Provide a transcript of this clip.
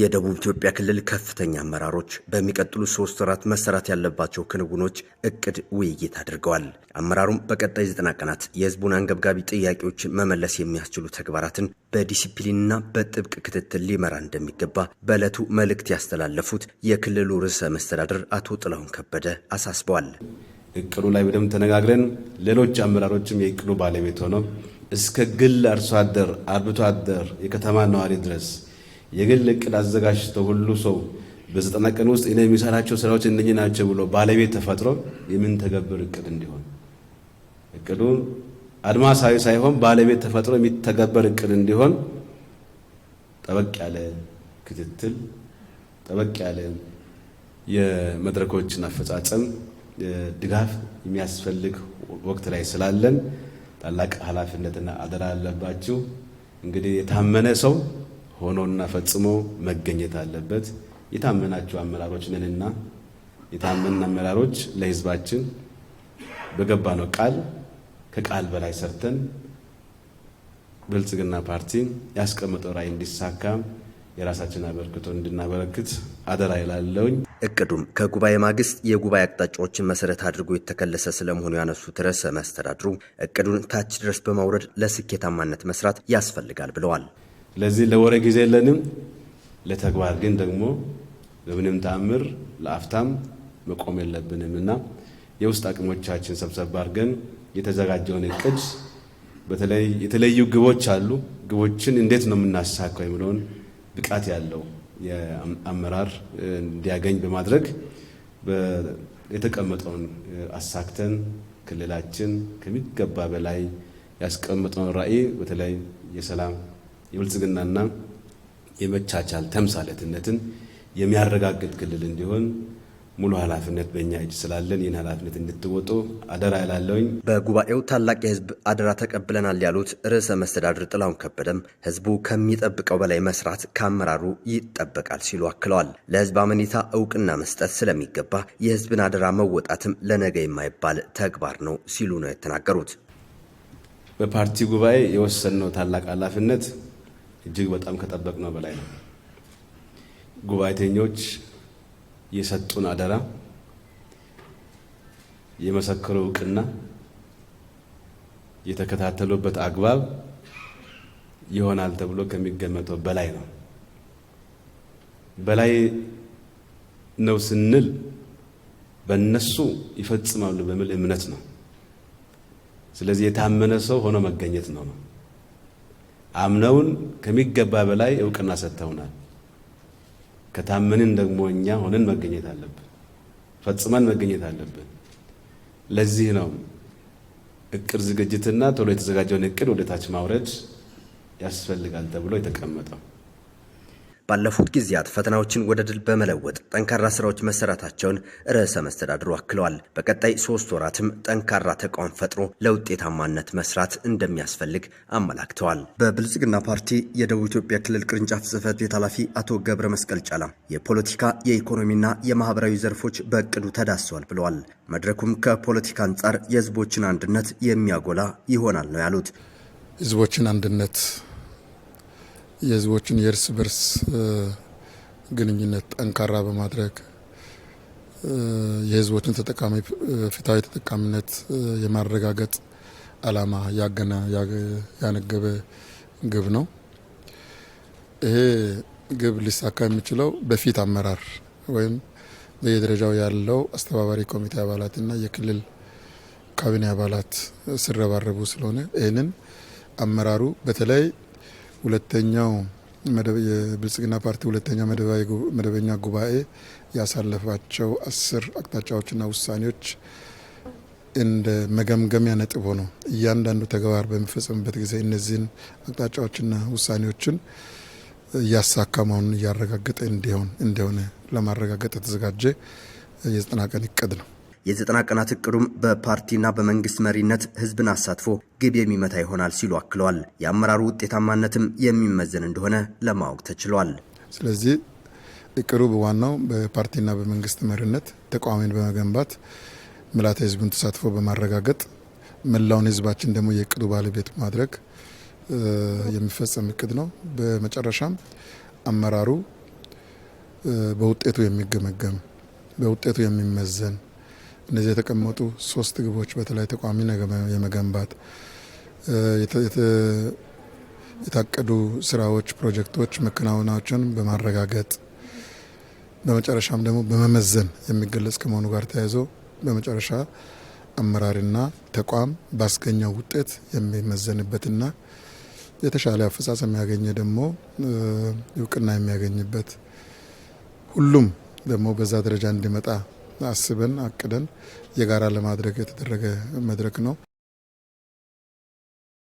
የደቡብ ኢትዮጵያ ክልል ከፍተኛ አመራሮች በሚቀጥሉ ሶስት ወራት መሰራት ያለባቸው ክንውኖች እቅድ ውይይት አድርገዋል። አመራሩም በቀጣይ ዘጠና ቀናት የህዝቡን አንገብጋቢ ጥያቄዎችን መመለስ የሚያስችሉ ተግባራትን በዲሲፕሊንና በጥብቅ ክትትል ሊመራ እንደሚገባ በዕለቱ መልእክት ያስተላለፉት የክልሉ ርዕሰ መስተዳድር አቶ ጥላሁን ከበደ አሳስበዋል። እቅዱ ላይ በደንብ ተነጋግረን ሌሎች አመራሮችም የእቅዱ ባለቤት ሆነው እስከ ግል አርሶ አደር፣ አርብቶ አደር፣ የከተማ ነዋሪ ድረስ የግል እቅድ አዘጋጅቶ ሁሉ ሰው በዘጠና ቀን ውስጥ እኔ የሚሰራቸው ስራዎች እነኚህ ናቸው ብሎ ባለቤት ተፈጥሮ የምንተገብር እቅድ እንዲሆን እቅዱ አድማሳዊ ሳይሆን ባለቤት ተፈጥሮ የሚተገበር እቅድ እንዲሆን ጠበቅ ያለ ክትትል፣ ጠበቅ ያለ የመድረኮችን አፈጻጸም ድጋፍ የሚያስፈልግ ወቅት ላይ ስላለን ታላቅ ኃላፊነትና አደራ አለባችሁ። እንግዲህ የታመነ ሰው ሆኖና ፈጽሞ መገኘት አለበት። የታመናቸው አመራሮች ነንና የታመን አመራሮች ለህዝባችን በገባነው ቃል ከቃል በላይ ሰርተን ብልጽግና ፓርቲ ያስቀመጠው ራዕይ እንዲሳካ የራሳችን አበርክቶ እንድናበረክት አደራ ይላለውኝ። እቅዱም ከጉባኤ ማግስት የጉባኤ አቅጣጫዎችን መሰረት አድርጎ የተከለሰ ስለመሆኑ ያነሱት ርዕሰ መስተዳድሩ እቅዱን ታች ድረስ በማውረድ ለስኬታማነት መስራት ያስፈልጋል ብለዋል። ስለዚህ ለወሬ ጊዜ የለንም። ለተግባር ግን ደግሞ በምንም ተአምር ለአፍታም መቆም የለብንም እና የውስጥ አቅሞቻችን ሰብሰብ አድርገን የተዘጋጀውን እቅድ በተለይ የተለዩ ግቦች አሉ። ግቦችን እንዴት ነው የምናሳካው የሚለውን ብቃት ያለው የአመራር እንዲያገኝ በማድረግ የተቀመጠውን አሳክተን ክልላችን ከሚገባ በላይ ያስቀመጠውን ራዕይ በተለይ የሰላም የብልጽግናና የመቻቻል ተምሳሌትነትን የሚያረጋግጥ ክልል እንዲሆን ሙሉ ኃላፊነት በእኛ እጅ ስላለን ይህን ኃላፊነት እንድትወጡ አደራ ይላለውኝ። በጉባኤው ታላቅ የህዝብ አደራ ተቀብለናል ያሉት ርዕሰ መስተዳድር ጥላሁን ከበደም ህዝቡ ከሚጠብቀው በላይ መስራት ከአመራሩ ይጠበቃል ሲሉ አክለዋል። ለህዝብ አመኔታ እውቅና መስጠት ስለሚገባ የህዝብን አደራ መወጣትም ለነገ የማይባል ተግባር ነው ሲሉ ነው የተናገሩት። በፓርቲ ጉባኤ የወሰንነው ታላቅ ኃላፊነት እጅግ በጣም ከጠበቅነው በላይ ነው። ጉባኤተኞች የሰጡን አደራ፣ የመሰከሩ እውቅና፣ የተከታተሉበት አግባብ ይሆናል ተብሎ ከሚገመተው በላይ ነው። በላይ ነው ስንል በእነሱ ይፈጽማሉ በሚል እምነት ነው። ስለዚህ የታመነ ሰው ሆኖ መገኘት ነው ነው አምነውን ከሚገባ በላይ እውቅና ሰጥተውናል። ከታመንን ደግሞ እኛ ሆነን መገኘት አለብን፣ ፈጽመን መገኘት አለብን። ለዚህ ነው እቅድ ዝግጅትና ቶሎ የተዘጋጀውን እቅድ ወደ ታች ማውረድ ያስፈልጋል ተብሎ የተቀመጠው። ባለፉት ጊዜያት ፈተናዎችን ወደ ድል በመለወጥ ጠንካራ ስራዎች መሰራታቸውን ርዕሰ መስተዳድሩ አክለዋል። በቀጣይ ሶስት ወራትም ጠንካራ ተቋም ፈጥሮ ለውጤታማነት መስራት እንደሚያስፈልግ አመላክተዋል። በብልጽግና ፓርቲ የደቡብ ኢትዮጵያ ክልል ቅርንጫፍ ጽህፈት ቤት ኃላፊ አቶ ገብረ መስቀል ጫላ የፖለቲካ የኢኮኖሚና የማህበራዊ ዘርፎች በእቅዱ ተዳሰዋል ብለዋል። መድረኩም ከፖለቲካ አንጻር የህዝቦችን አንድነት የሚያጎላ ይሆናል ነው ያሉት። ህዝቦችን አንድነት የህዝቦችን የእርስ በርስ ግንኙነት ጠንካራ በማድረግ የህዝቦችን ተጠቃሚ ፍትሐዊ ተጠቃሚነት የማረጋገጥ አላማ ያገና ያነገበ ግብ ነው። ይሄ ግብ ሊሳካ የሚችለው በፊት አመራር ወይም በየደረጃው ያለው አስተባባሪ ኮሚቴ አባላትና የክልል ካቢኔ አባላት ሲረባረቡ ስለሆነ ይህንን አመራሩ በተለይ ሁለተኛው የብልጽግና ፓርቲ ሁለተኛ መደበኛ ጉባኤ ያሳለፋቸው አስር አቅጣጫዎችና ውሳኔዎች እንደ መገምገሚያ ነጥብ ሆኖ እያንዳንዱ ተግባር በሚፈጸምበት ጊዜ እነዚህን አቅጣጫዎችና ውሳኔዎችን እያሳካ መሆኑን እያረጋገጠ እንዲሆን እንደሆነ ለማረጋገጥ የተዘጋጀ የዘጠና ቀን እቅድ ነው። የዘጠና ቀናት እቅዱም በፓርቲና በመንግስት መሪነት ህዝብን አሳትፎ ግብ የሚመታ ይሆናል ሲሉ አክለዋል። የአመራሩ ውጤታማነትም የሚመዘን እንደሆነ ለማወቅ ተችሏል። ስለዚህ እቅዱ በዋናው በፓርቲና በመንግስት መሪነት ተቋሚን በመገንባት ምልዓተ ህዝቡን ተሳትፎ በማረጋገጥ መላውን ህዝባችን ደግሞ የእቅዱ ባለቤት ማድረግ የሚፈጸም እቅድ ነው። በመጨረሻም አመራሩ በውጤቱ የሚገመገም በውጤቱ የሚመዘን እነዚህ የተቀመጡ ሶስት ግቦች በተለይ ተቋሚ የመገንባት የታቀዱ ስራዎች፣ ፕሮጀክቶች መከናወናቸውን በማረጋገጥ በመጨረሻም ደግሞ በመመዘን የሚገለጽ ከመሆኑ ጋር ተያይዞ በመጨረሻ አመራርና ተቋም ባስገኘው ውጤት የሚመዘንበትና የተሻለ አፈጻጸም ያገኘ ደግሞ እውቅና የሚያገኝበት ሁሉም ደግሞ በዛ ደረጃ እንዲመጣ አስበን አቅደን የጋራ ለማድረግ የተደረገ መድረክ ነው።